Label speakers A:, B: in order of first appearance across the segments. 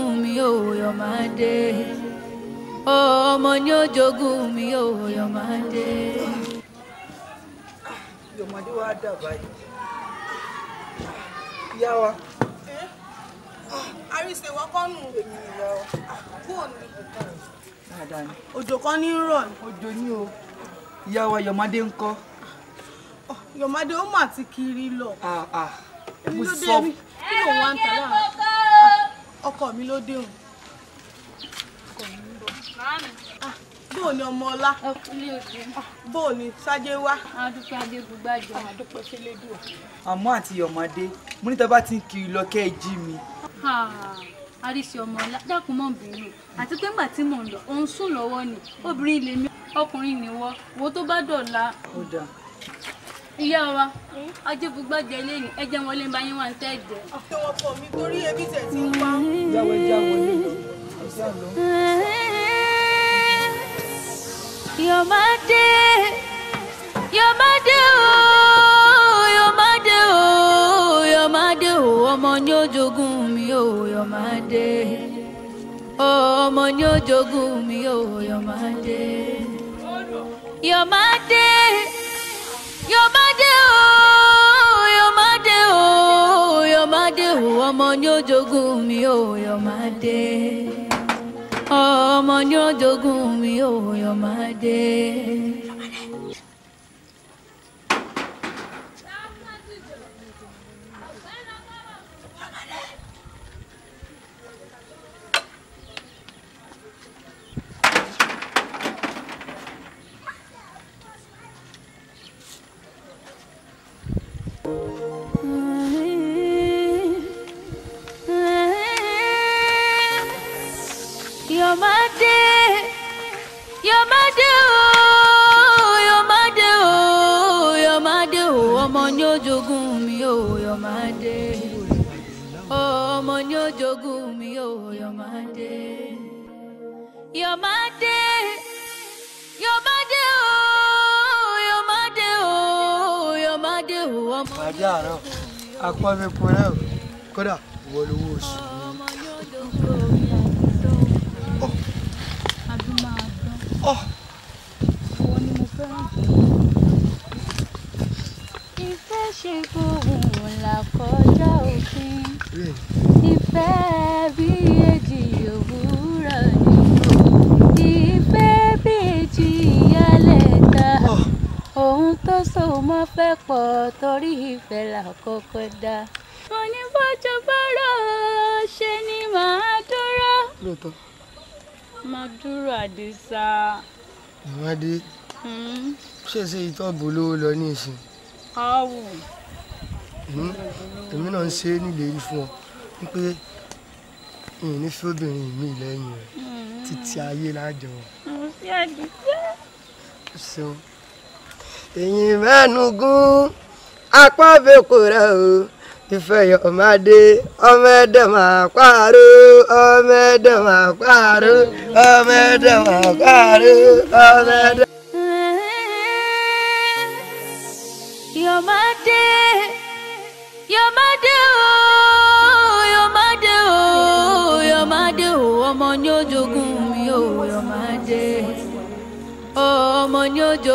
A: jogún mi o Yọ̀mádé ọmọ ni ó jogún mi o Yọ̀mádé.
B: Yọ̀mádé wàá dàbà yìí
A: ìyá wa.
C: àríṣe wọn kọ́ nù èmi ìyá wa kúrò ní. òjò kan ní rọ̀ ni. òjò ni o ìyá wa Yọ̀mádé ń kọ́. Yọ̀mádé ó mà ti kiri lọ. èmi ah, ah. ló dé mi kí lòun wá ń tà láàrin ọkọ mi ló dé òun ọkọ mi ń bọ̀. bóò ni ọmọ ọlá bóò ni sájé ah, wá. adúpẹ́ adébúgbàjọ
A: adúpẹ́ fẹ́lẹ́dùn.
B: àmọ́ àti ọmọdé mo ní tọ́ba ti ń kiri lọ kẹ́ ẹ jí mi.
A: àríṣe ọmọ ọlá dákun mọ́ bínú àti pé ńgbà tí mò ń lọ òun sùn lọ́wọ́ ni obìnrin lèmi ọkùnrin nìwọ wo tó bá dọ̀la ìyá wa ajébùgbàjà eléyìí ẹ jẹ́ wọn lé ń bá yín wà ń tẹ́ ẹ̀jẹ̀. àti wọn kọ mi torí ebi tẹ̀
D: ọmọ ni ó mi o yomade ọmọ
A: ni ó mi o yomade yomade. Yomade my Yomade o, Yomade o, ọmọ ni ó jogún my o, Yomade. Ọmọ ni ó jogún mi o, Yomade.
D: láàárọ̀ apọ́nmẹ́kun rẹ̀ o kódà ìwọ lówó oṣù mi.
A: ìfẹ́ ṣe gbogbo là kọjá òfin ìfẹ́ bí èjì òwúrọ̀ ni ìfẹ́ bí èjì ìyálẹ̀ sóhun mọ́ fẹ́ pọ̀ torí ìfẹ́ là kọ́kọ́ dá. mo ní bọ́jọ́ bọ́rọ̀ ṣe ni màá dúró. lóòótọ́. máa dúró àdìsá. ìwádìí hmm.
B: ṣe ṣe ìtọ́bù olówó lọ ní ìsìn.
A: awù. Hmm. èmi náà ń ṣe
B: níléèrí fún ọ wípé
D: n ní fi obìnrin mi lẹ́yìn rẹ̀
A: hmm. títí ayé lájọ. mo fi àdìsá.
D: ṣeun èyí mẹ́nugún apá bẹ́kù rẹ̀ o ìfẹ̀yọ̀mádé ọmọ ẹ̀dẹ̀ máa pààrọ̀ ọmọ ẹ̀dẹ̀ máa pààrọ̀ ọmọ ẹ̀dẹ̀ máa pààrọ̀ ọmọ ẹ̀dẹ̀.
A: Yọ̀mádé Yọ̀mádé.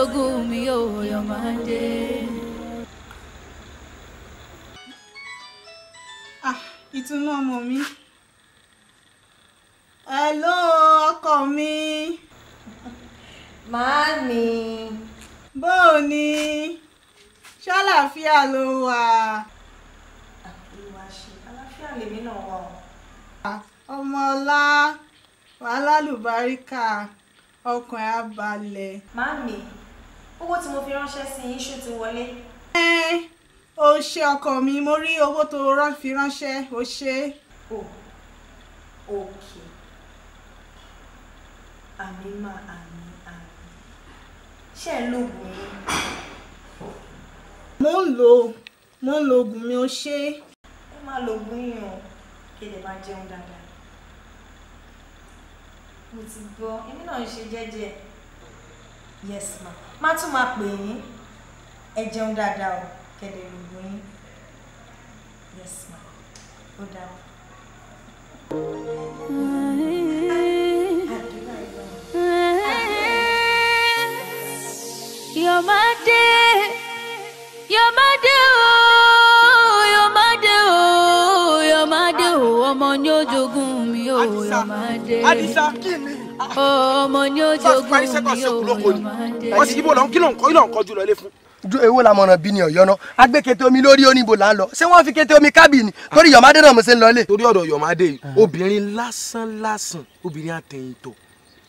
A: ológun mi ò ah, ọmọ mi.
C: hello ọkọ mi. màámi. bóò ni ṣàlàáfíà ló wà. ìwà ṣe àlàáfíà lèmi náà wà o. ọmọ ọlá wàhálà lùbáríkà ọkàn á balẹ̀. màámi owó tí mo fi ránṣẹ́ sí iṣu ti wọlé. Eh, o ṣe ọkọ mi mo rí owó tó fi ránṣẹ́ o ṣe. o òkè àmì máa àmì àmì ṣe é lóògùn mi. mo ń lo mo ń lo oògùn mi ó ṣe. ó máa lo oògùn yìí o kéde máa jẹun dáadáa mo ti gbọ́ èmi náà ń ṣe jẹ́jẹ́ yes ma má tún máa pè yín ẹ jẹun dáadáa o kẹ̀dẹ̀ lògùn yín yes ma ó dáa.
A: You're my day, you're my day, oh, you're my day, oh, you're my day, oh, ọmọ ni ó mi, oh, you're my day. Adisa, kí ni? ọmọ ni ó jogún mi ò yọ máa dé. wọ́n ti yíbo lọ kí ló ń kọ́ ilé
B: ọ̀nkọ́ jùlọ ilé fún. ewo la mọ̀ràn bí ni ọ̀yọ́ náà agbé kété omi lórí oníbo là ń lọ ṣé wọ́n fi kété omi kábì ni torí yọ̀mádé náà mo ṣe ń lọ lé. torí ọ̀dọ̀ yọ̀mádé yìí obìnrin lásán lásán obìnrin àtẹ̀yìntọ̀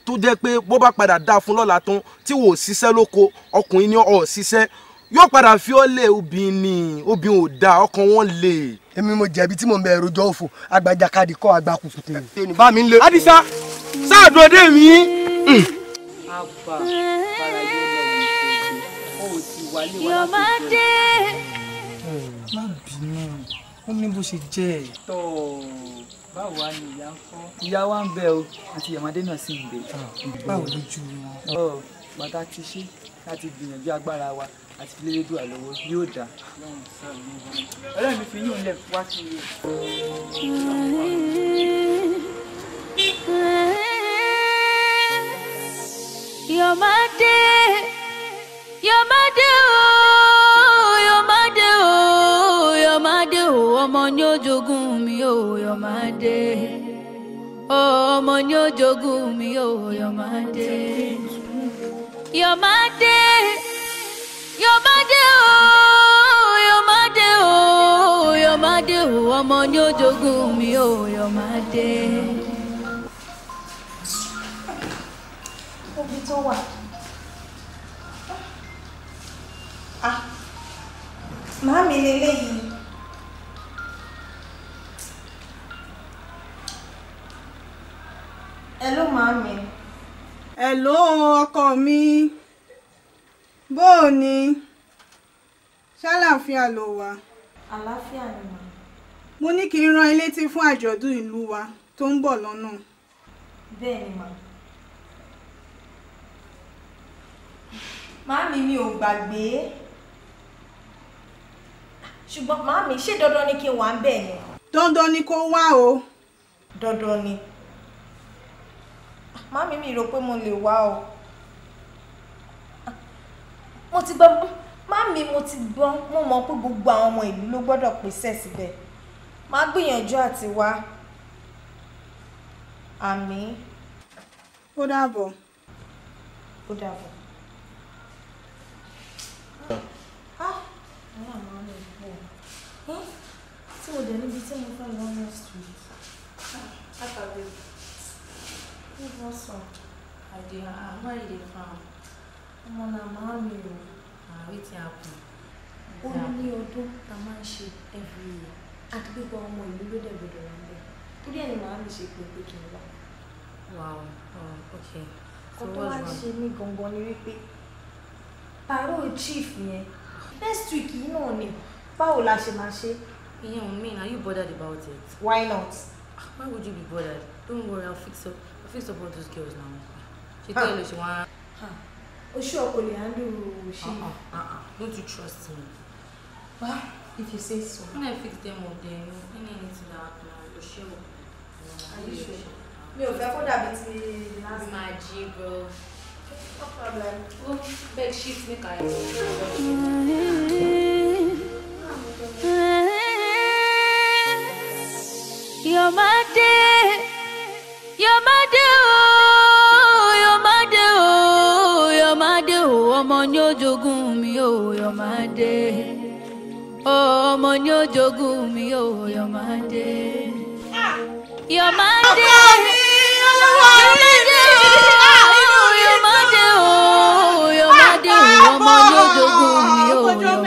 B: tó jẹ́ pé bó bá padà dáa fún lọ́la tán tí wò ó ṣiṣẹ́ lóko ọkùnrin ni ọ̀ ṣiṣẹ́ yóò padà fi ọ́ lé obìnrin obìnrin ò da ọkàn wọn lè. èmi mo jẹ̀bi tí mo ń bẹ rojọ́ òfò agbájá káàdì kọ́ àgbà kùkùté. bá mi lé. adisa sáàdùn ọdẹ mi. àbá
A: farayé lọ ò ti wálé wá láti
D: fún un. má bínú ó ní bó ṣe jẹ́ ẹ̀. tọ́
A: báwo wá ni ìyá ń kọ́.
B: ìyá wa ń bẹ o àti ìyàmọ̀dé náà sì ń bẹ. Ah. báwo lójú wọn. bàtà ti ṣe láti gbìyànjú agbára wa àti fi lédè dùn àlọ́wọ́ yóò dá.
D: ọlọ́run mi fi yín lẹ̀ wá sí i.
A: Yomade, Yomade o, Yomade o, Yomade o, ọmọ ni ó mi o, Yomade, ọmọ ni ó mi o, Yomade. You're my day. You're my day. Oh, you're my day. Oh, you're my day. Oh, I'm on your jogún mi. Oh, you're my day.
C: Obi Ah, mami, lélẹ́yìí. Hello, mami hello ọkọ mi bó o ní ṣàlàáfíà ló wà. àlàáfíà ni mà. mo ní kí n rán ẹ létí fún àjọ̀dún ìlú wa tó ń bọ̀ lọ́nà. bẹ́ẹ̀ ni mà. màámi mi ò gbàgbé ṣùgbọ́n màámi ṣé dandan ni kí n wà ń bẹ̀ yẹn. dandan ni kó wá o. dandan ni màmí mi rò pé mo lè wá o mo ti gbọ́ màmí mo ti gbọ́ mo mọ̀ pé gbogbo àwọn ọmọ ìlú ló gbọ́dọ̀ pèsè síbẹ̀ má gbìyànjú àti wá àmì. ó dàbọ̀. ó dàbọ̀. Hm? tí mo dẹ̀ níbi tí mo fẹ́ lọ́wọ́ street. What's up? I dey I Ọmọ na màá mi o. Ah, wetin happen? Ó ní ọdún tá máa ń ṣe every year. Àti pípa ọmọ ìlú ló dẹ̀ gbọdọ̀ wà níbẹ̀. Torí ni màá mi ṣe pé pé kí n wá.
A: Wow, oh, okay. Kò tó wá ṣe
C: mí gangan ni wípé pàrọ̀ chief yẹn next week yìí náà ni báwo la ṣe máa ṣe. Ìyẹn ò mean, are you bothered about it? Why not?
A: Why would you be bothered? Don't worry, I'll fix up. I'll fix up all those girls now. She huh. tell you she want. Huh. Oh, sure, Oleandro. She. Uh-uh, uh-uh. Don't you trust me? What? if you say so. When I fix them up, then you need to that. Uh, sure. Are you sure?
C: Mi ò fẹ́ kó dàbí ti last. Maji, bro. No problem.
A: Oh, beg sheets make I. You're my dear, you're my dear, you're my dear, you're my dear, ọmọ ni ó jogún mi o, you're my dear, ọmọ ni ó jogún mi o, you're my de. you're my dear, you're my dear, you're my dear, ọmọ ni ó jogún mi o, you're my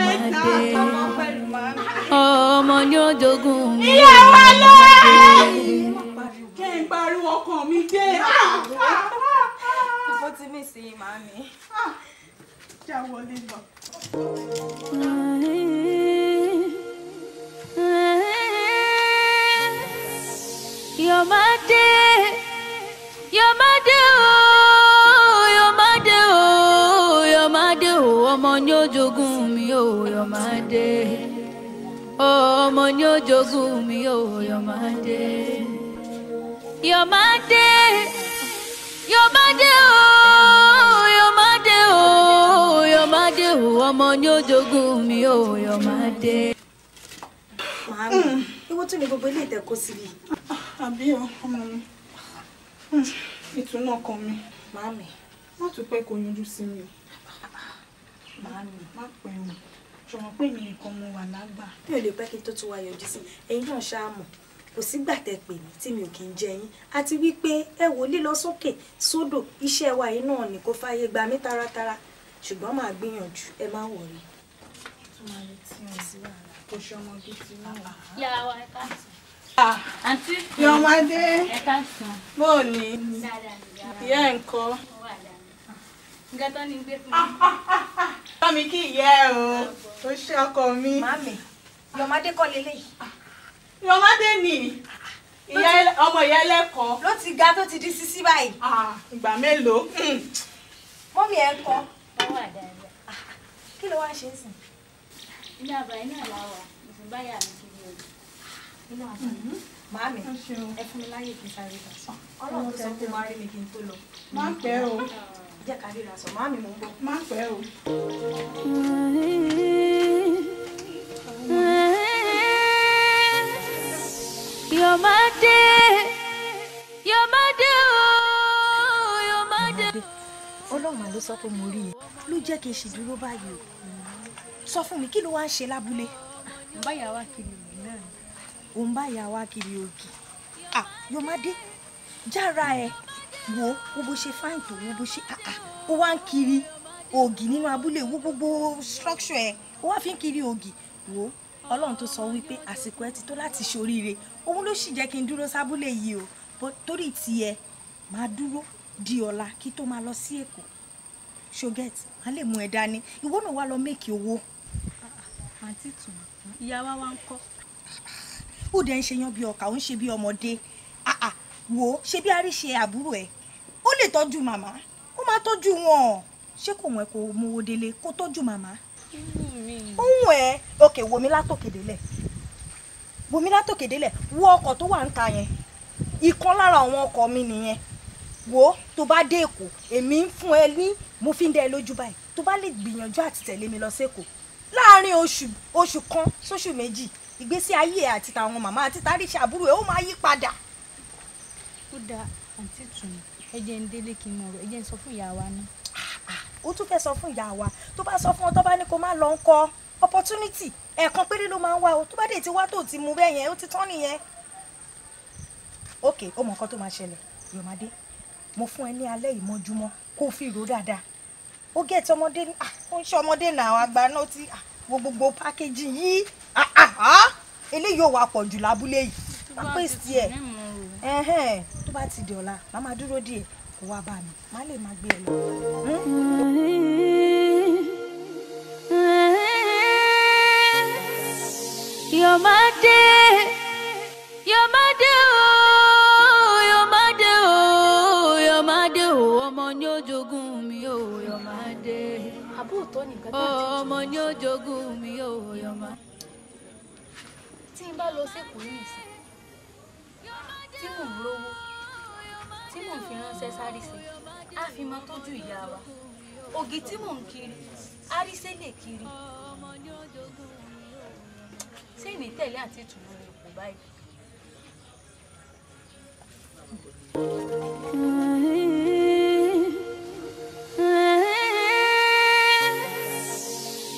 C: Bó ti mí sí màmí. Ṣé àwọn olè lọ?
A: Yomade, Yomade o, Yomade o, Yomade o, ọmọ ni ó jogún mi o, Yomade. Ọmọ ni ó jogún mi o, Yomade. You're my day. You're my day. Oh, you're my day. Oh, you're my day. Oh, ọmọ ni ó jogún mi. Oh, you're my day. Màámi, ìwọ tún ni gbogbo ilé ìtẹ́kọ́ síbi.
C: Ah, àbí ọ, ọmọ mi. Hmm, ìtùnú ọkàn mi. Màámi. Má tún pẹ́ kó yọjú sí mi o. Màámi. Má pẹ́ o. Ṣọ̀wọ́n pé mi nìkan mo wà lágbà. Mi ò lè pẹ́ kí n tó tún wá yọjú sí mi. Ẹ̀yin náà ṣáà mọ̀ kò sígbà tẹ pè mí tí mi ò kì í jẹ yín àti wípé ẹ wò lílọ sókè sódò iṣẹ́ wa yìí náà ni kò fààyè gbà mí taratara ṣùgbọ́n màá gbìyànjú ẹ má wọrí. àǹtí yọmọdé bóò ní ìyá ẹ̀ ń kọ́ nǹkan tó ní gbé fún mi. bá mi kí ìyá ẹ o ó ṣe ọkọ mi. màámi yọmọdé kọ́ lélẹ́yìí ìrọ̀mọ́dé ni ọmọ ìyá ẹlẹ́kọ̀ọ́. ló ti ga tó ti di sísí báyìí. ìgbà mélòó. Hmm. mọ́mí ẹ̀ ń kọ́. kí ló wá ṣe é sìn. ilé àbá iná àláwà ìfún báyà mi kì í lè. inú àbá hmm. màámi ẹ fún mi láyè kí n sáré gbà sọ. ọlọ́run tó sọ pé máa rí mi kí n tó lọ. má pẹ́ o. jẹ́ ká ríra sọ màámi mo ń bọ̀. má pẹ́ o.
A: You're my day. You're my day. You're my day.
C: Ọlọ́run ló sọ pé mo rí i ló jẹ́ kí n ṣì dúró báyìí o. Sọ fún mi kí ló wá ń ṣe lábúlé? Ń Ò ń bá ìyá kiri òkè. À yóò Jára ẹ wo wo ṣe fáìn tó wo ṣe ó wá ń kiri ògì nínú abúlé wo gbogbo structure ẹ ó wá fi ń kiri ògì wo ọlọ́run tó sọ wípé àsìkò ẹ ti tó láti ṣoríire òun ló sì jẹ́ kí n dúró sábúlé yìí o torí tiẹ̀ máa dúró di ọ̀la kí tó máa lọ sí èkó ṣoget má lè mú ẹ dání ìwọ náà wá lọ méèkì owó. àǹtí tù ìyá wa wá ń kọ́. ó dẹ̀ ṣe yan bí ọkà ó ń ṣe bí ọmọdé wò ó ṣe bí aríṣe àbúrò ẹ̀ ó lè tọ́jú màmá ó máa tọ́jú wọn ṣé kò wọ́n kò mówó délé kó tọ́jú màmá ohun ẹ òkè wò mí látòkèdè lẹ wò mí látòkèdè lẹ wo ọkọ̀ tó wà ń ta yẹn ìkan lára àwọn ọkọ̀ mi nìyẹn wo tó bá dé èkó èmi ń fún ẹ ní mo fi ń dẹ lójú báyìí tó bá lè gbìyànjú àti tẹ̀lé mi lọ sẹ́kọ̀ọ́ láàárín oṣù oṣù kan sóṣù méjì ìgbésí ayé ẹ àti tàwọn màmá àti tàríṣà àbúrò ẹ ó máa yí padà. ó dáa àǹtí tùnú ẹ jẹ́ ń délé kí n mọ̀ ọ́ ẹ jẹ́ ń sọ fún ìyá wa náà ó tún fẹ́ sọ fún ìyá wa tó bá sọ fún ọ tó bá ní kó má lọ ń kọ opportunity ẹ̀ẹ̀kan péré ló máa ń wá o tó bá dé ti wá tó ti mú bẹ́ẹ̀ yẹn ó ti tán nìyẹn. ok ó mọ nǹkan tó máa ṣẹlẹ̀ yọ̀mádé mo fún ẹ ní alẹ́ ìmọ́júmọ́ kó o fi rò dáadáa ó gẹ̀ tí ọmọdé ah, ó ń ṣe ọmọdé nà àwọn àgbà náà ti ah, wo gbogbo pákéjì yìí ah, eléyìí ò wà pọ̀ jù lábúlé yìí tó bá ti dé ọ̀la màá máa dúró díẹ̀ kó wá bá mi má lè má gbé ẹ
A: lọ. Your mother, your mother, oh, your mother, oh, oh, ọmọ ni ó jogún mi, oh, your Ọmọ ni ó jogún mi, oh, your Tí n bá lọ sí Èkó ìsìn, tí mò ń lówó tí mò ń fi ránṣẹ́ sáríṣe á fi máa tọ́jú ìyá wa ògì tí mò ń kiri áríṣe lè kiri ṣé ní tẹ̀lé àti ìtùnú rẹ̀ kò báyìí.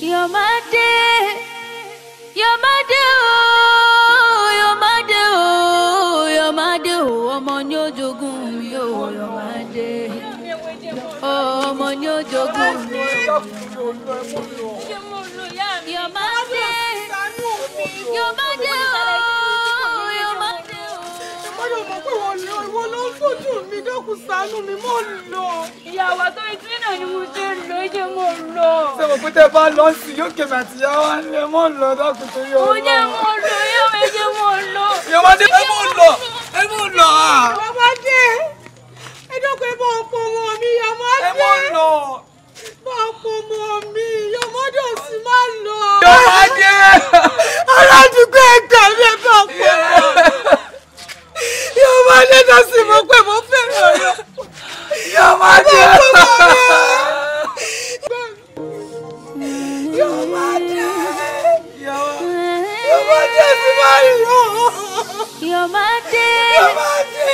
A: You're my day.
D: dákun ṣàánú mi mo lọ.
A: ìyàwó tó etí náà ni mo ṣe lọ ẹjẹ mo lọ.
D: ṣé mo pété bá lọ sí yókè àti ìyàwó ẹ mọ lọ dákun tó yọ. mo jẹ mo lọ yóò ẹjẹ mo lọ. ìyàwó adé ẹ mọ lọ ẹ mọ lọ. bàbá ah. dé ẹ dọ́kun ẹ bọ̀ ọ̀pọ̀ wọn mi ìyàwó adé. ẹ mọ lọ. bọ̀ ọ̀pọ̀ wọn mi ìyàwó sì máa lọ. ìyàwó adé. aládùúgbò ẹgbẹ́ mi ẹ bọ̀ ọ̀pọ̀ wọn. ìyàwó adé náà sì mọ pé
A: Yóò máa di ẹ̀sán. Yóò máa di ẹ̀sán. Yóò máa di ẹ̀sán máa rí rọ̀. Yóò máa di. Yóò máa di.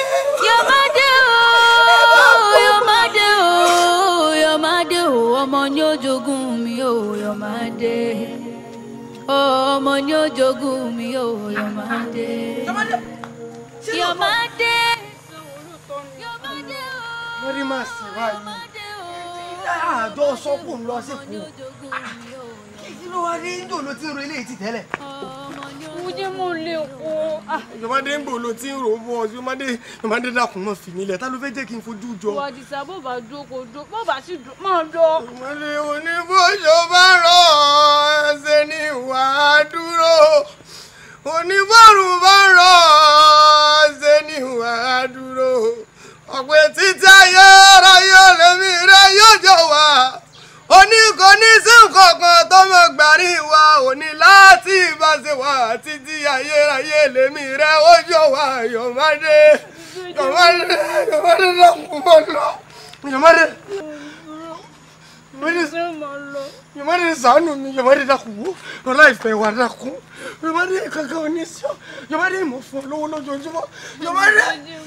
A: Yóò máa di ooo. Yóò máa di ooo. Yóò máa di ooo. Ọmọ ni ó jogún mi ooo. Yóò máa di. Ọmọ ni ó jogún mi ooo. Yóò máa di. Yóò máa di máa sì wá yìí
D: àjọ sọ́kù ń lọ sípò kí ló wá dé ńdò ló ti ń ro eléyìí ti tẹ́lẹ̀.
A: mo jẹ́ mo lè ah. kó.
D: ìjọmọdé ń bò ló ti ń rò ó wọ́n ìjọmọdé ìjọmọdé dákun mọ́ fi nílẹ̀ ta ló fẹ́ jẹ́ kí n fojú jọ. wà
A: á bó bá dúró kó dúró bó bá sì dúró máa lọ. ìjọmọdé oníbòjò bá rọ̀ ṣe ni wà
D: á dúró oníbòrùn bá rọ̀ ṣe ni wà dúró mọ̀ pé títí ayé ara yóò lèmi rẹ yóò jọ wá oníkóní sí nǹkankan tó mọ̀ gbàrí wa òní láti ìbáṣe wa títí ayé ayé lèmi rẹ ó jọ wá yọ̀mọ́dé yọ̀mọ́dé yọ̀mọ́dé náà lọ yọ̀mọ́dé yọmọdé ṣàánú mi yọmọdé dákun wo ìfẹ́ wa dákun yọmọdé kankan oníṣẹ́ yọmọdé mọ fún ọ lọ́wọ́ lójoojúmọ́ yọmọdé.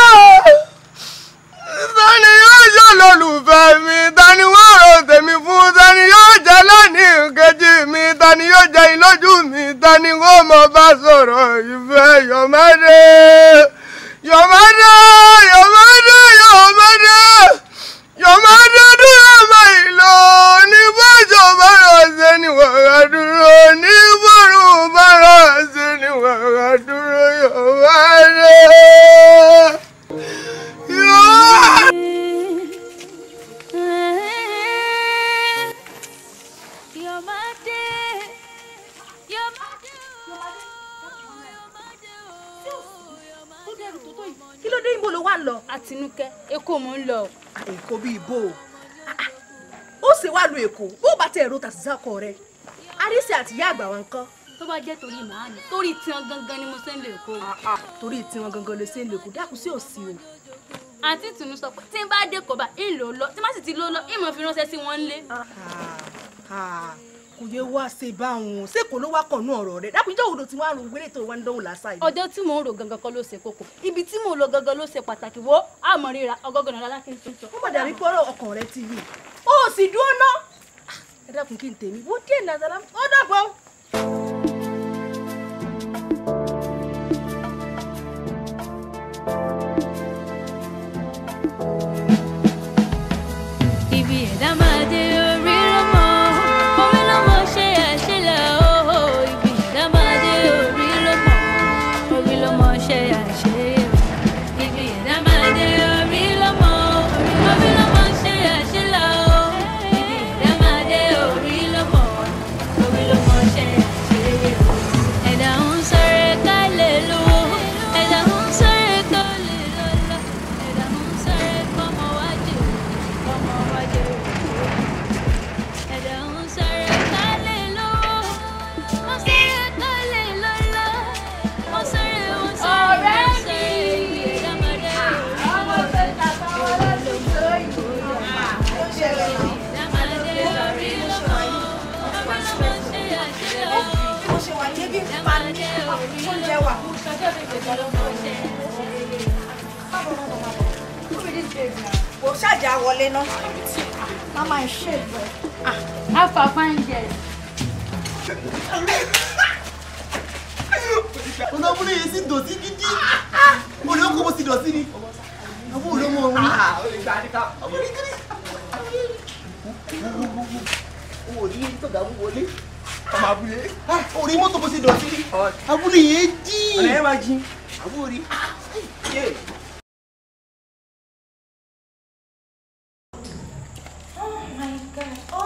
C: nǹkan. tó bá jẹ́
A: torí màá ní torí tiwọn gangan ni mo ṣe ń lè kó. Ah, ah, torí tiwọn gangan ló ṣe ń lè kó dákun sí òsì o. àǹtí tùnú sọ pé tí n bá dé kọba ń lò ó lọ tí má sì ti lò ó lọ ń mọ̀ fi ránṣẹ́ sí wọn lé.
C: Ah, kò yẹ wá ṣe báwọn ṣé kò ló wá kàn ní ọ̀rọ̀ rẹ̀ dákun ìjọ òdo tí wọ́n á ro gbélé tó wá ń dánwò lásàyè. ọjọ́ tí mò ń ro gangan kan ló ṣe kókó ibi tí mò ń lọ gangan ló ṣe pàtàkì wo àmọ́ ríra ọgọ́gọ́nà lálákìntì sọ. ó mọ̀ dàbí pọ́rọ̀ ọkàn rẹ ti rí o sì dúró ná ẹ dákun kí n tèmi wọ́n díẹ̀ nàzàlá ó dàgbọ́. Thank you.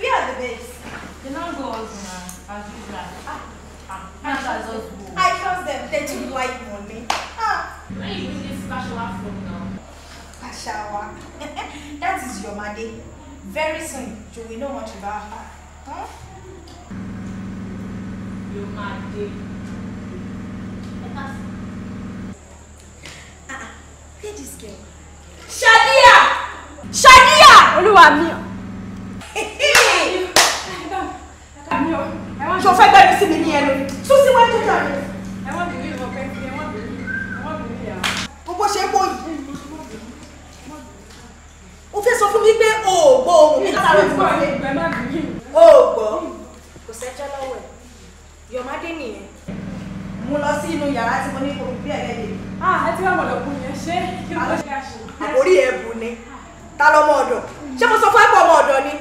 C: We are the best. They don't go out uh, now, as usual. Ah, ah. ah. I trust them. I trust them. They too like money. Ah. are you bring this cashawa from now? Cashawa. that is your money. Very soon, you will know much about her. Huh? Your money. Ah, ah. this girl. Shadia! Shadia! Oluwami!
A: mí o. ṣo fẹ́ gbẹ́mí sí mi ní ẹnu
C: sún síwájú jàre. ẹ wọ́n bìbí o fẹ́ sọ fún mi pé o ò ah, ti wá mọ̀lọ́kùn yẹn ṣé kí ló ṣe àṣù. àkórí ẹ̀ ni ta lọ́mọ ọ̀dọ̀ ṣé mo sọ fún ẹ̀ ọmọ ọ̀dọ̀ ni.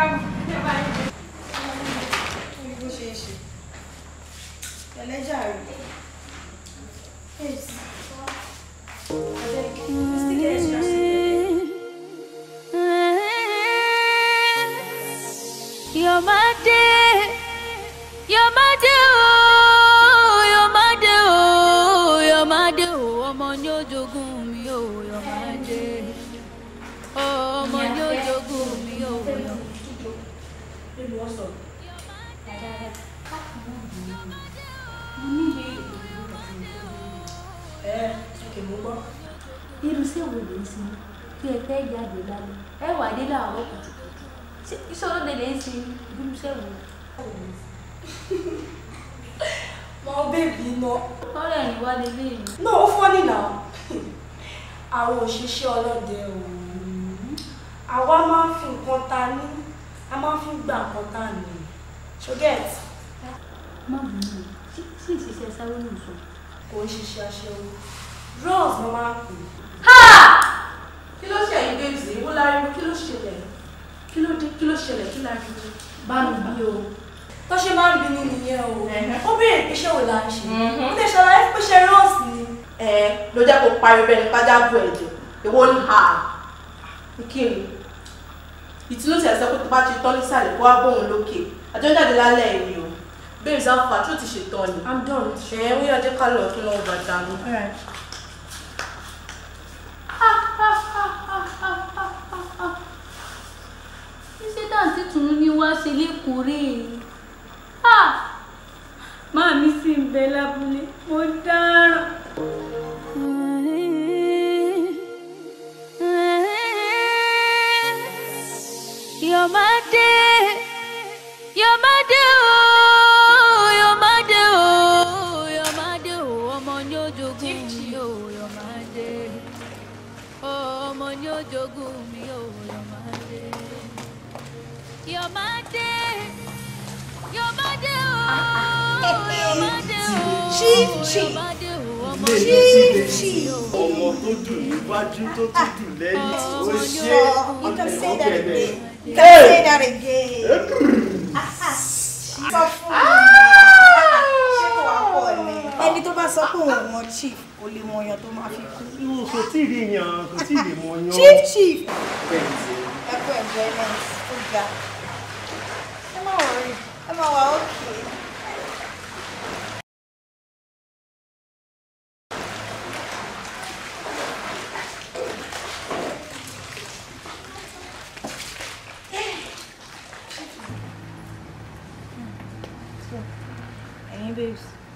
C: ele Thank you.
A: tẹ́ ẹ fẹ́ jáde lálẹ́ ẹ wà dé láàárọ̀ kùtùkùtù iṣẹ́ olóde lè ń sin ìbílùsẹ̀ wò. mọ bébì iná. ọ̀rẹ́ ẹ̀yìn wá lè léèrè.
C: náà ó fọ́ nìlà àwọn òṣìṣẹ́ ọlọ́dẹ ọ̀hún àwa máa ń fi nǹkan ta ní a máa ń fi gbà nǹkan ta ní ṣọgẹ́t. má bínú sí ìṣiṣẹ́ sáré nìṣó. kò ń ṣiṣẹ́ aṣẹ́wó rose ló máa ń pè é sí wọ́n láriwo kí ló ṣẹlẹ̀ kí ló dé kí ló ṣẹlẹ̀ kí láriwo bá mi bí o tó ṣe máa ń bínú nìyẹn o ó béèrè pé ṣé wò la ṣe ó lè ṣàlàyé pé ṣe rọ́ọ̀sì ni. ẹ ló jẹ́ kó parí bẹ́ẹ̀ ni pàjá bu ẹ̀jẹ̀ èwo ń ha ìkíni ìtúnú ti ẹ̀sẹ̀ kó tó bá ti tọ́ nísàlẹ̀ kó wá bóun lókè àjọ jáde lálẹ́ èyí o babes alpha tó ti ṣètọ́ ni. i'm done. ẹ ń yọjẹ́ ká lọ kí wọ́n bàjá mi.
A: tún ní wá ṣe lẹ́kọ̀ọ́ rè ah! máa mi sì ń bẹ lábúlé mo dára. You're my day, you're my day. chief chief
D: chief. ọmọ tó dùn níwájú tó tún ah. dùn lẹ́yìn oh, ó ṣe ọ̀tẹ̀lọ́kẹ̀lẹ̀. you can
C: say that again. sọ fún mi ṣé kò wá pọ̀ ni. ẹni tó bá sọ pé òun mọ chief kò lè mọ ọyàn tó máa fi kú. irú kò
D: tí ì rí yan
C: kò tí ì lè mọ yan. chief chief. ẹkú ẹgbẹ́ náà ó ga ẹ má wọrí ẹ má wà ókè.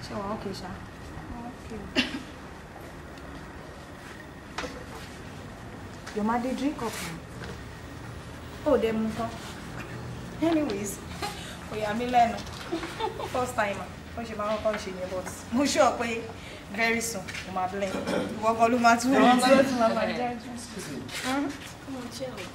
C: Okay, wà Okay. Your mother drink up now. Ó dẹ̀ mú Anyways, kò yà mí First time, ó ṣe máa ń kọ́ ṣe yẹn but mo sure very soon mo máa blend. Ìwọ kan ló Excuse me.
A: Come on, chill.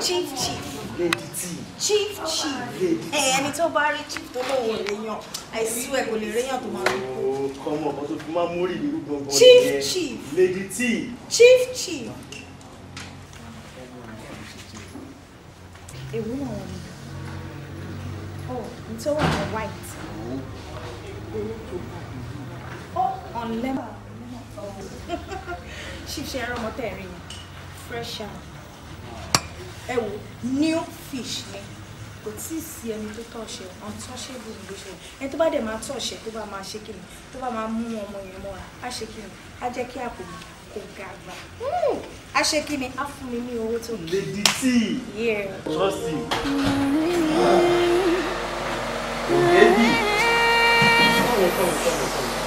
C: chief chief lady t chief chief ẹ eh, ẹni tó bá rí chief tó lóun lè yàn i swear kò lè réyàn tó máa lò.
B: kọ́mọ ọkọ tó fi máa mórí ìlú gbọ̀ngàn chief chief lady t
C: chief chief. ewu náà wọ̀ ni oh nítorí wà ní white oh on lemon ṣíṣe ẹran mọ́tẹ́rì yẹn fresh out ẹ wo new fish ni kò tí ì sí ẹni tó tọ̀ṣẹ̀ untouchable ló ṣe ẹni tó bá dẹ̀ máa tọ̀ṣẹ̀ tó bá máa ṣe kíni tó bá máa mú ọmọ yẹn mọ́ra á ṣe kíni á jẹ́ kí àpò mi kò gàgbà hmm, á ṣe kíni á fún mi ní owó tó kí. lady t trọ́sì ògèdì.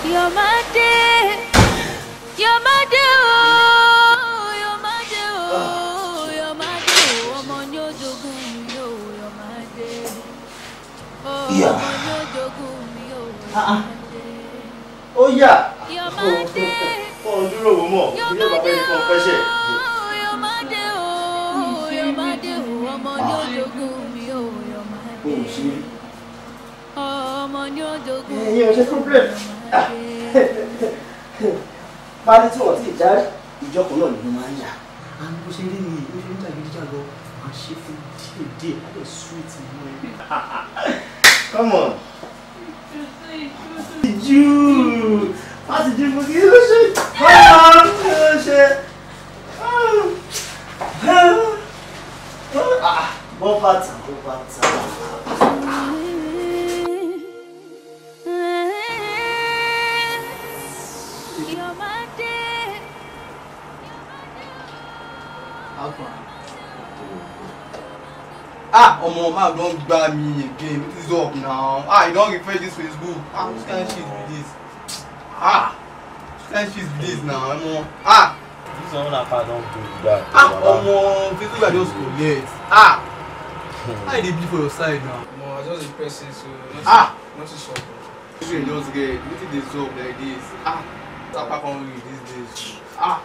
A: You're my day, you're my day. Ah, ah. ó yà ọ̀hún oh, dúró wò mọ̀ ilé bàbá yìí kàn pẹ́sẹ̀. ẹ̀yin ọ̀sẹ̀
B: problem pálí tí wọ́n ti já ìjọkùn náà nínú máa ń yà á ń bó ṣe rí ni bó ṣe ń jàgídíjà lọ máa ṣe fún díẹ̀ díẹ̀ á
D: lè sún ìtìmọ́ ẹ. come on ìjú fásitì fún kí
B: ah omo man don gba me again what is up now ah you don refresh this facebook ah which kind shit be this ah which kind shit be this now omo ah. this one na far don go gba. ah omo facebook i just collect ah hmm. how you dey be for your side now. omo i just dey press it so nothing ah. nothing sup. wetin you just get wetin dey sup like this ah apart come with this days ah.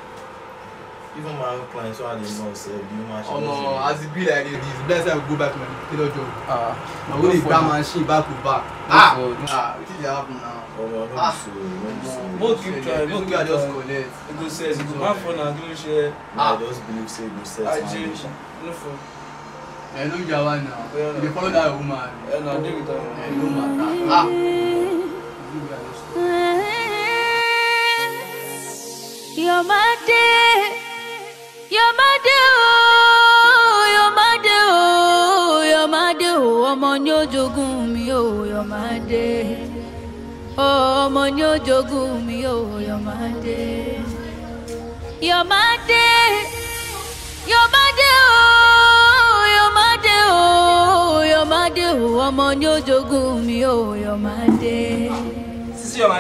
B: Even my own clients who are the ones who are the Oh no, as it be like this, blessed I will go back to my tailor job. Ah, my only that man she back to back. Ah, ah, what is happening now? Oh, ah, no, keep trying. No, Just collect. You go sell. You go buy phone and Ah, just believe say you sell. I change. No phone. I know follow that woman. Yeah, no, I deal with that woman. Yeah, woman.
A: Ah. You're my dear yọmọdé o yọmọdé o yọmọdé o ọmọ ni ó jogún mi o yọmọdé ọmọ ni ó jogún mi o yọmọdé yọmọdé yọmọdé o yọmọdé o yọmọdé o ọmọ ni ó jogún mi o yọmọdé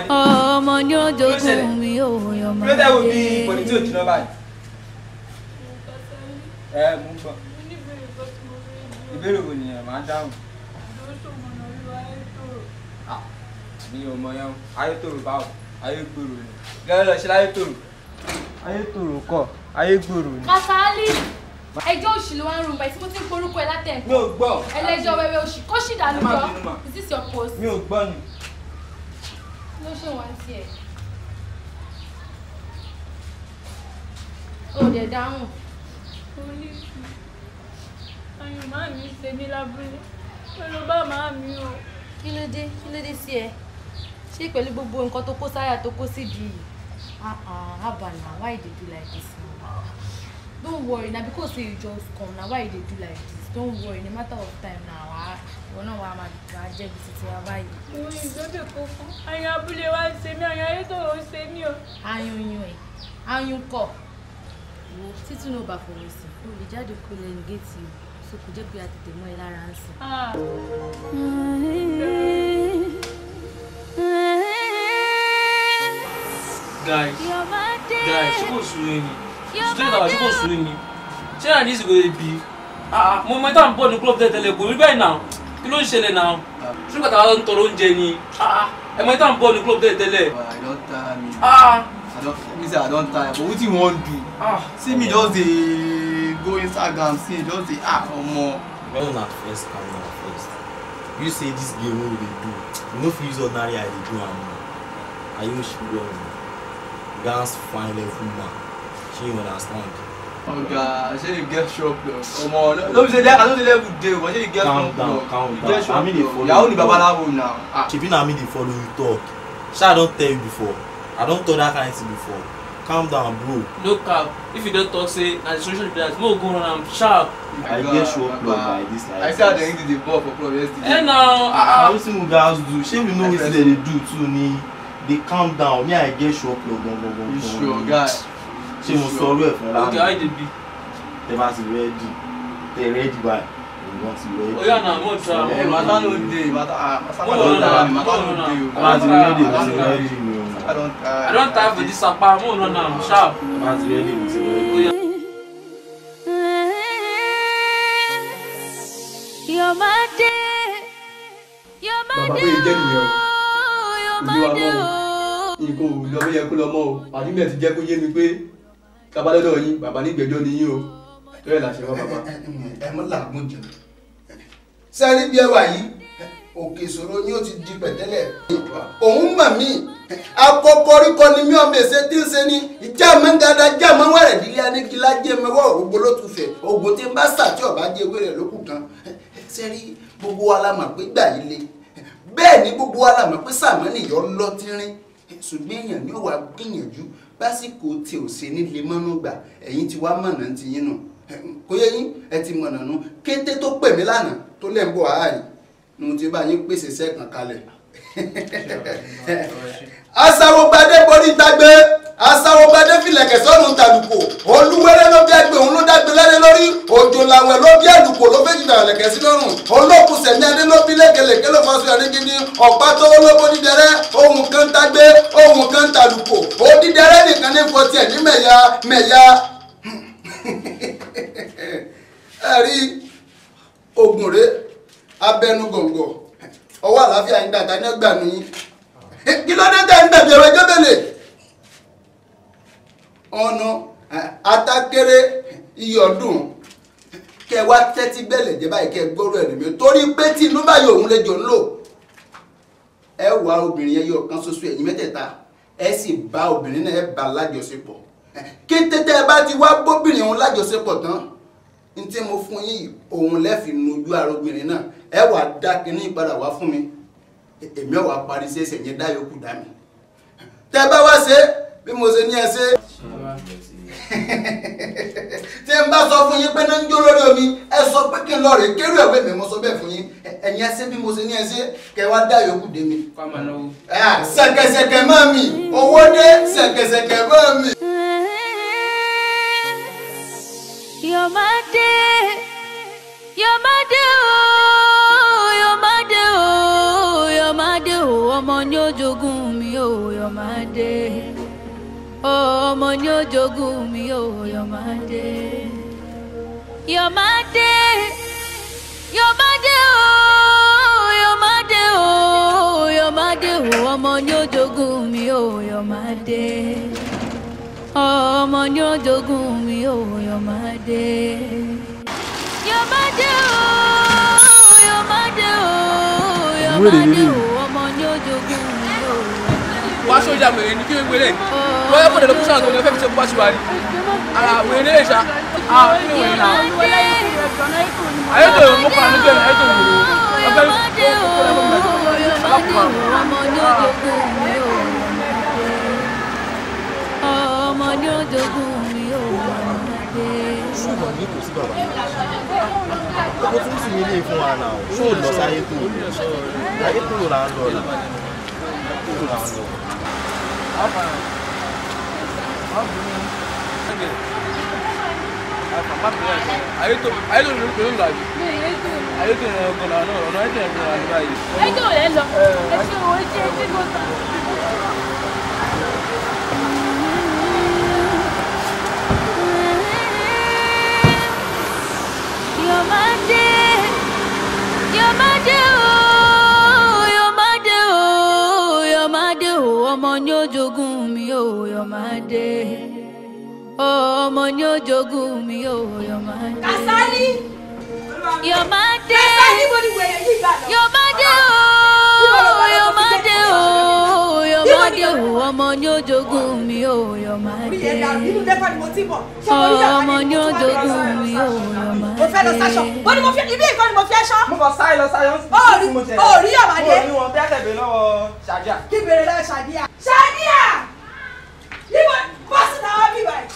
A: ọmọ ni ó jogún mi o yọmọdé. ló dẹ́ wo bí pọ̀lì tí
B: ò jiná báyìí ẹ mú gbọ́. ìbéèrè wo nìyẹn máa dáhùn. mi ò mọ yẹn ayétòrò báwo ayégbòrò ni gẹ́gẹ́ lọ ṣe láyétòrò. ayétòrò kọ́ ayégbòrò ni.
A: Kasali ẹjọ́ òṣì ló wá ń rùmọ̀ ẹ̀sìn mo ti ń porúkọ ẹ̀ látẹ̀. mi ò gbọ́. ẹlẹ́jọ́ wẹ́wẹ́ oṣù kó ṣì dànù jọ
C: is this your post.
B: mi ò gbọ́ ni.
A: ló ṣe wọ́n ti ẹ̀. o dẹ̀ dáhùn kan nísìn àyùn má mi ṣe mí lábúlé pẹ̀lú bá o. kí ló dé kí ló dé sí ẹ ṣé pẹ̀lú gbogbo nǹkan tó kó sáyà tó kó sídìí yìí ah, ah, abana why you like this
C: don't worry na because you just come na why they do like this don't worry no matter of time na wa ìwọ náà wàá máa wàá jẹ gbèsè tí wàá báyìí. mo ní ìdóde kó fún àyàn abúlé wa ń ṣe mí àyàn ayétòrò ń ṣe o. ayùn yun ẹ ayùn kọ
A: wo títún ò bá fọwọ́ sí o lè jáde kó lẹ́nu géètì o so kò jẹ́ pé a tètè mọ́ ẹ lára ń sìn. guys guys ṣé kò sùn yín ni straight
B: away ṣé kò sùn yín ni ṣé àní ìsìnkú yẹn bí ah, mo mẹ́ta ń bọ̀ ní club tẹ́tẹ́lẹ̀ kò rí bẹ́ẹ̀ náà kí ló ń ṣẹlẹ̀ náà ṣé kàtà ń tọrọ oúnjẹ ni ah, ẹ mẹ́ta ń bọ̀ ní club tẹ́tẹ́lẹ̀ say i don tire but wetin you wan do ah. see me just dey go instagram see just dey ah omo. when una first come na first you say this game wey we dey do you no fit use ordinary eye dey do am o ayo shiro gats find level man shey you understand. oga shey you get shop omo no be say i no dey level dey but shey you get shop calm down calm down ah. na me dey follow you talk yahoo ni babalawo na. shebi na me dey follow you talk shey i don tell you before i don talk that kind thing before calm down bro no cap if you don talk say na the solution be that no go run am sharp. Oh i get show plug by this light. i see how dem dey ball for club yesterday. eh na. ah wetin we gats do shey we know wetin dem dey do too ni dey calm down me i get show plug gangan. you sure guy.
A: ṣé mo sọ ọ̀rọ̀ ẹ fún ọlá mi. oge how you dey
B: be. tẹ bá ti rẹ́ẹ̀dì tẹ rẹ́ẹ̀dì báyìí ìwọ ti rẹ́ẹ̀dì. oya oh, na mo tra. ẹ màtá ló dé màtá ló dé màtá ló dé o. màtá ló dé màtá ló dé o. I don't. Uh, I don't have this apparel. Oh, no, no, no. Sharp. That's really. Oh,
A: You're my day.
D: You're my day. Oh? Oh? You're my
B: day. Ìkó lọ́wọ́ yẹ kó lọ mọ́ o. Àdínlẹ̀ ti jẹ́ kó yé mi pé bàbá lọ́dọ̀ yín bàbá nígbẹ̀jọ́ ni yín o. Bẹ́ẹ̀ làṣẹ wá bàbá. Ẹ mọ́ làágùn jẹ. Sẹ́rí bí ẹ wà yìí, òkè ìṣòro ni ó ti di pẹ̀tẹ́lẹ̀. òun mà mí akọkọríkọ ni mí ọmọ èsè tí ń ṣe ni ìjà mi ń dada ìjà wẹ̀rẹ̀ lílé anigila jẹ́ mẹ́wọ́ ògbó ló tún fẹ̀ ògbó tí ń bá sà tí ọ̀bá jẹ́ ewé rẹ̀ lókù kan sẹ́rí gbogbo wa la mọ̀ pé gbà yí le bẹ́ẹ̀ ni gbogbo wa la mọ̀ pé sàmọ́nì yọ lọ tínrín ṣùgbọ́n èèyàn ni ó wà gbìyànjú básìkò tí ò ṣe nílé mọ́nú gbà ẹ̀yìn ti wá mọ̀nà ti yín nù kó yẹ yín ẹ ti mọ̀nà nù kété tó pè mí lánàá tó lẹ́ ń bọ̀ àárín ní mo ti bá yín pèsè sẹ́ẹ̀kan kalẹ̀. asawo gbadé borí gbàgbé asawo gbadé filẹ̀kẹ̀ sọ́nù tàlùkò olúwẹ́rẹ́ ló bí ẹgbẹ́ òun ló dágbé lẹ́rẹ́ lórí òjò làwẹ̀ ló bí ẹlùkò ló fẹ́ jìnnà lẹ̀kẹ̀ sí lọ́rùn olókùn sẹ̀mí adé ló bí lẹ́kẹ̀lẹ̀kẹ́ ló fọ́sùn àdégidì ọ̀pá tó lóbó dídẹrẹ́ ohun kan tágbé ohun kan tàlùkò ó dídẹrẹ́ nìkan ní fọtí ẹ̀ ní mẹ̀yà mẹ̀yà ẹ̀rí ogun rèé abẹnu gọ̀ǹgọ̀ ọwọ́ àlàáfíà ń gbàtà ní ọgbà nù yín kí ló dé tẹ̀ ń gbẹ̀bí ọ̀rọ̀ ẹjọ́ ọ̀nà atakere iyọ̀dùn kẹ wá tẹ́tí bẹ́lẹ̀ jẹ́ báyìí kẹ gbọ́rọ̀ ẹ̀rù mi torí pé tí inú báyìí òun lè jò ń lò ẹ wá obìnrin yẹn yọ kan ṣoṣo ẹ̀yìn mẹ́tẹ̀ẹ̀ta ẹ sì bá obìnrin náà ẹ bá lájọṣepọ̀ kí tètè ẹ bá ti wá bóbìnrin òun lájọṣepọ̀ tán ní tí mo fún yín òun lẹ́fì nujú ara obìnrin náà ẹ wà dá kínní ìpadà wá fún mi èmi ọ̀ wá parí sí ẹsẹ̀ yẹn dá yòókù dá mi tẹ bá wá ṣe bí mo ṣe ní ẹ ṣe tí n bá sọ fún yín pé náà ń jó lórí omi ẹ sọ pé kí n lọ rè kérú ẹ mi mo sọ bẹ́ẹ̀ fún yín ẹ̀yin ẹ bí mo ṣe ní ẹ kẹ wá dá yòókù dé mi. ṣẹ̀kẹ̀ṣẹ̀kẹ̀ máa mi owó dé ṣẹ̀kẹ̀ṣẹ̀kẹ̀ máa mi.
A: You're my day, you're my day. your man day. Oh, ọmọ ni ó mi, oh, your man day. Your man day, your man day, oh, oh, your man day, oh, ọmọ ni ó jogún mi, oh, your man day. Oh, ọmọ ni ó mi, oh, your man day. Your man day, oh, your man day, oh, your man day, oh, ọmọ ni ó
B: wá sójà wèrè ní kí wọ́n wéré ní wọ́n yẹ kó dẹ̀lẹ́ kúṣà tó ní fi ṣe bó bá ṣe wà ní ara wèrè ní ìṣá
D: àwọn kí wèrè náà.
A: ayédèrè mú kan níbẹ̀
D: ní ayédèrè wèrè ọgbẹ́
A: ọmọ ní mi ò ṣùgbọ́n ní kò sí bàbá ọkọ̀ tó ń
D: sì nílé fún
B: wa You're
A: my you're Oh, ọmọ ni ó jogún mi, oh, you're my day. Kasali! You're my day. Kasali, what do you oh, you're my oh, you're my oh, ọmọ ni ó jogún mi, oh, you're my day. Ọmọ ni ó jogún mi, oh, you're Mo fẹ́ lọ sáṣọ, wọ́n ni mo
C: fi ibi ìkọ́ni mo fi ẹṣọ́.
D: Mo kàn sáré lọ sáré,
A: ó rí ọ̀bàdé. Mo rí
D: wọn bí àtẹ̀bẹ̀ lọ́wọ́ Ṣàdíà. Kí bèrè lọ
C: Ṣàdíà. Ṣàdíà! níbo bọ́sì náà wọ́n bí báyìí.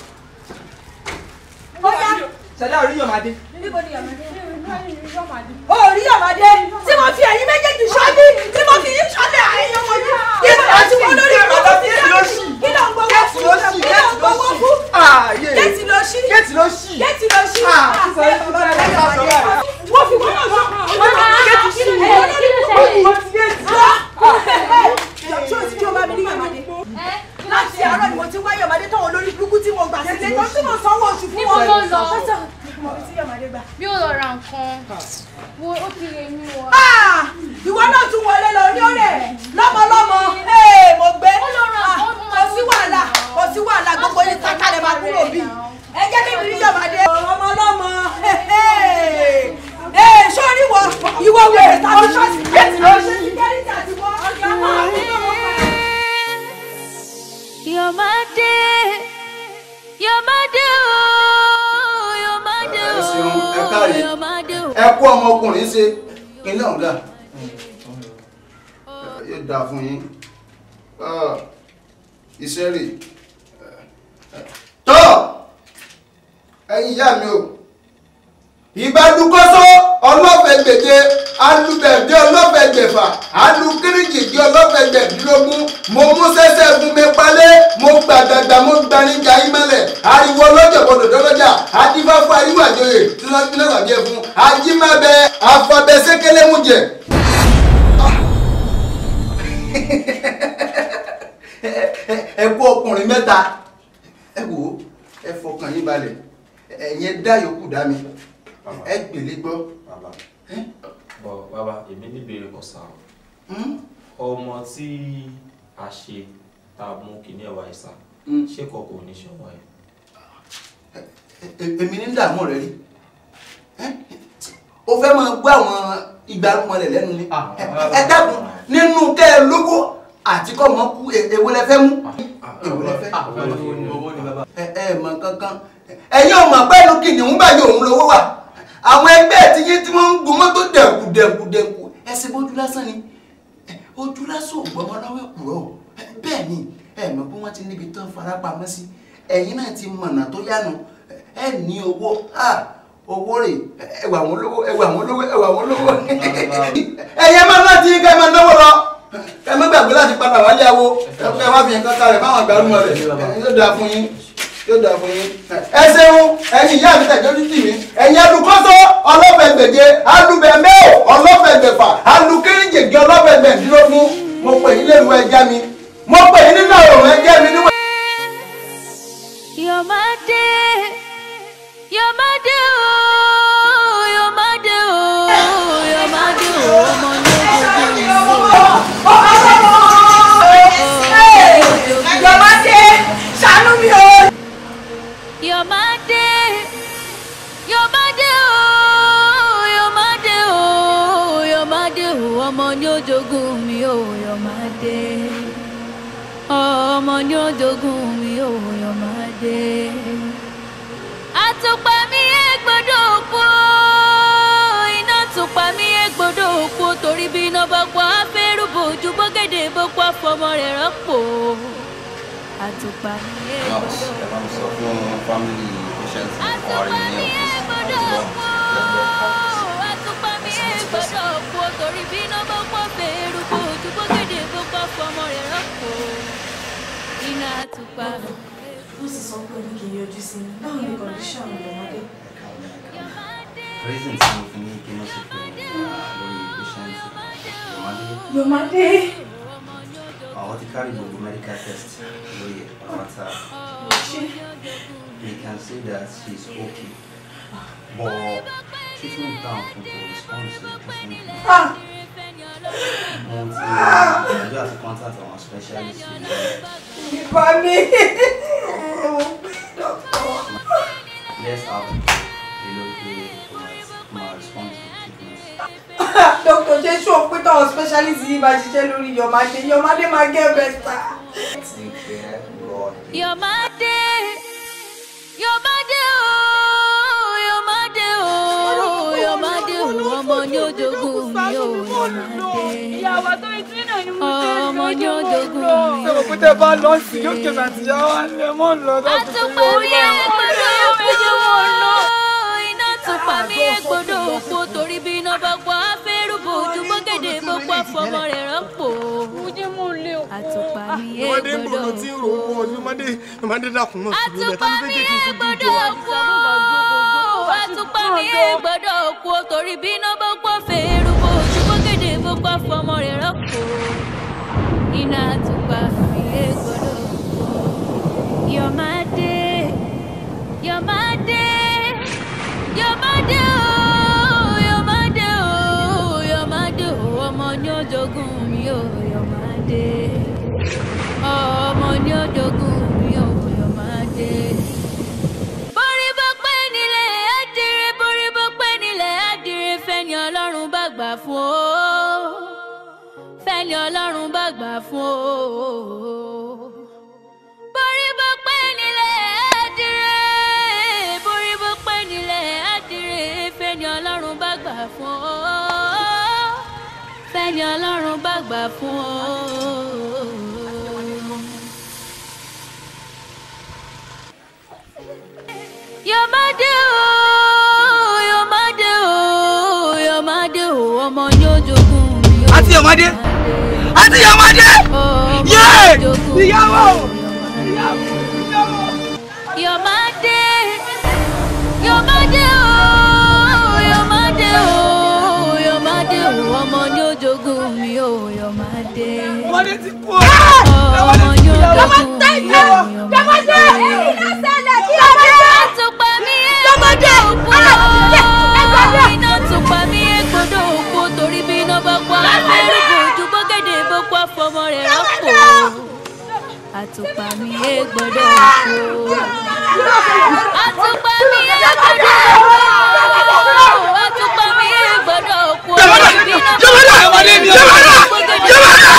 C: ó yá. sẹ́dá orí yọ̀mọ̀dé. níbo ni yọ̀mọ̀dé.
A: ó rí yọ̀mọ̀dé.
B: ẹ kó ọkùnrin mẹ́ta ẹ wò ó ẹ fọkàn yín balẹ̀ ẹ̀yẹn dá yòókù dá mi ẹ gbèlé gbọ́. bọ Baba, èmi níbèrè ọ̀sán hmm? ọmọ tí a ṣe ta mú kíní ẹ̀wà ìsà hmm. ṣé kọ̀ọ̀kan ò ní ṣe ọmọ yẹn. èmi ní dààmú rẹ rí o fẹ́ máa gbọ́ àwọn ìgbàlùmọ̀ rẹ̀ lẹ́nu ni ah, ah, ah. ẹ dákun nínú kẹ́ ẹ lóko àti kọ́ mọ́ kú èwo e, lẹ fẹ́ mú èwo lẹ fẹ́ ẹ ẹ mọ̀ kankan ẹ̀yin ò mọ̀ pé inú kìnìún báyìí òun lówó wà àwọn ẹgbẹ́ ti yín tí wọ́n ń gun mọ́tò dẹ̀kù dẹ̀kù dẹ̀kù ẹsẹ̀ bójú lásán ni ojú lásán ò gbọ́mọ lọ́wọ́ ẹ̀kúrọ̀ bẹ́ẹ̀ ni ẹ mọ̀ pé wọ́n ti níbi tán farapamọ́ sí ẹ̀yin náà ti mọ̀nà tó yánu ẹ ní owó owó rè ẹwà àwọn olówó ẹwà àwọn olówó ẹwà àwọn olówó ẹyẹ máa láti ká ẹ máa náwó lọ ẹ má gbàgbé láti padà wálé awo ẹ wá fi nǹkan kalẹ̀ fáwọn àgbàlùmọ̀ rẹ̀ yóò dáa fún yín yóò dáa fún yín ẹ ṣeun ẹ̀yin ìyá mi tẹjọ títì mi ẹ̀yin alukoso ọlọfẹgbẹje alubẹmẹ ọlọfẹgbẹfà alukẹrìnjẹgẹ ọlọfẹgbẹdínlógún
A: mo pè You're my dude, you're my dude, you're my dude. ọmọdé. àwọn ti kárí gbogbo medical test lórí ọ̀pọ̀lọpọ̀ they can say that she's okay but she's not down for the response.
B: treatment plan.
D: mo ti
B: ìdájọ́ àti contact àwọn specialist
D: mi. ìbọn mi.
B: Let's have
C: dr jesu pé táwọn specialist yìí bá ṣiṣẹ́ lórí yọ̀mádé yọ̀mádé máa gẹ́ bẹ́tà.
A: yọ̀mádé yọ̀mádé ooo yọ̀mádé ooo yọ̀mádé ooo ọmọ ní ojogun mi ooo yọ̀mádé ọmọ ní ojogun mi.
D: sọ̀rọ̀ kó tẹ́ bá lọ sí yóò kẹ́ bàtí yá wa lẹ́ mọ́ lọ dábòbò.
A: àtúpà mi ẹgbẹ́ ló ń bẹ̀rẹ̀ wọn lọ. iná tún pa mí ẹgbọ́dọ̀ òpó torí bí iná bá fọmọ rẹ̀ rọ́pò. ojú mo lè kú. àtùpà mi yé ah, gbọ́dọ̀. ọmọdé gbòòrò tí ń ròó wọ ni ọmọdé ọmọdé dàkún mọ́ sí ilẹ̀ tá ló fẹ́ jẹ́ kí n fojú kú. àtùpà mi yé gbọ́dọ̀ kú torí bí iná bá pọ̀ fèrè rúbọ ojú kókéde gbogbo fọmọ rẹ̀ rọ́pò. iná fún o fẹ́ni ọlọ́run bá gbà fún o. borí bó pé nílẹ̀ àdìrẹ́ borí bó pé nílẹ̀ àdìrẹ́ fẹ́ni ọlọ́run bá gbà fún o fẹ́ni ọlọ́run bá gbà fún o. Ìyámádé àti Ìyámádé yé ìyàwó ìyàwó. Ìyámádé
C: Ìyámádé o Ìyámádé o Ìyámádé
A: o ọmọ ní ojogún mi o Ìyámádé. Ìyámádé ti kú ọ. ọmọ ní ojogún mi o Ìyámádé. àtùpà mi yé gbọ́dọ̀ kú. àtùpà mi yé gbọ́dọ̀ kú. àtùpà mi yé gbọ́dọ̀ kú.
D: jọ̀wọ́dà jọ̀wọ́dà jọ̀wọ́dà jọ̀wọ́dà.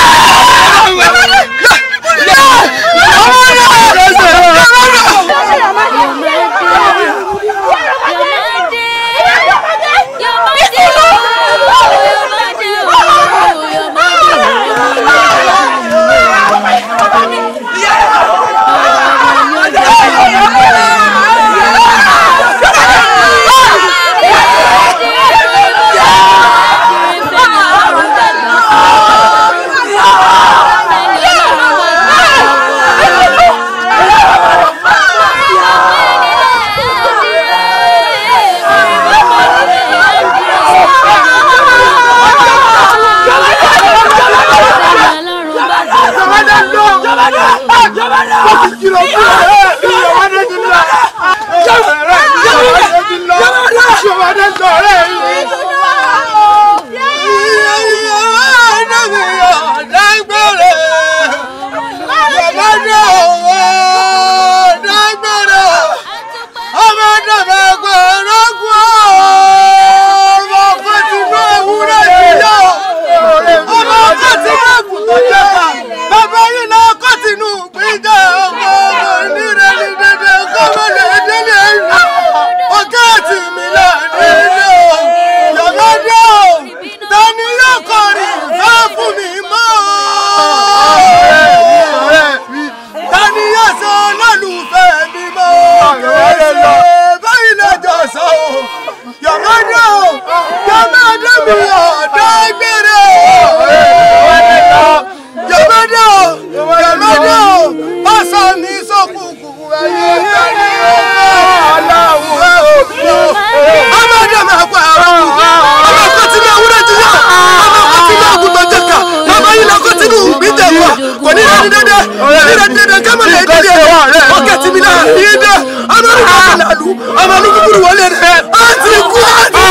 D: ọmọ mi kúkúrú wọlé rẹ. ó kú ó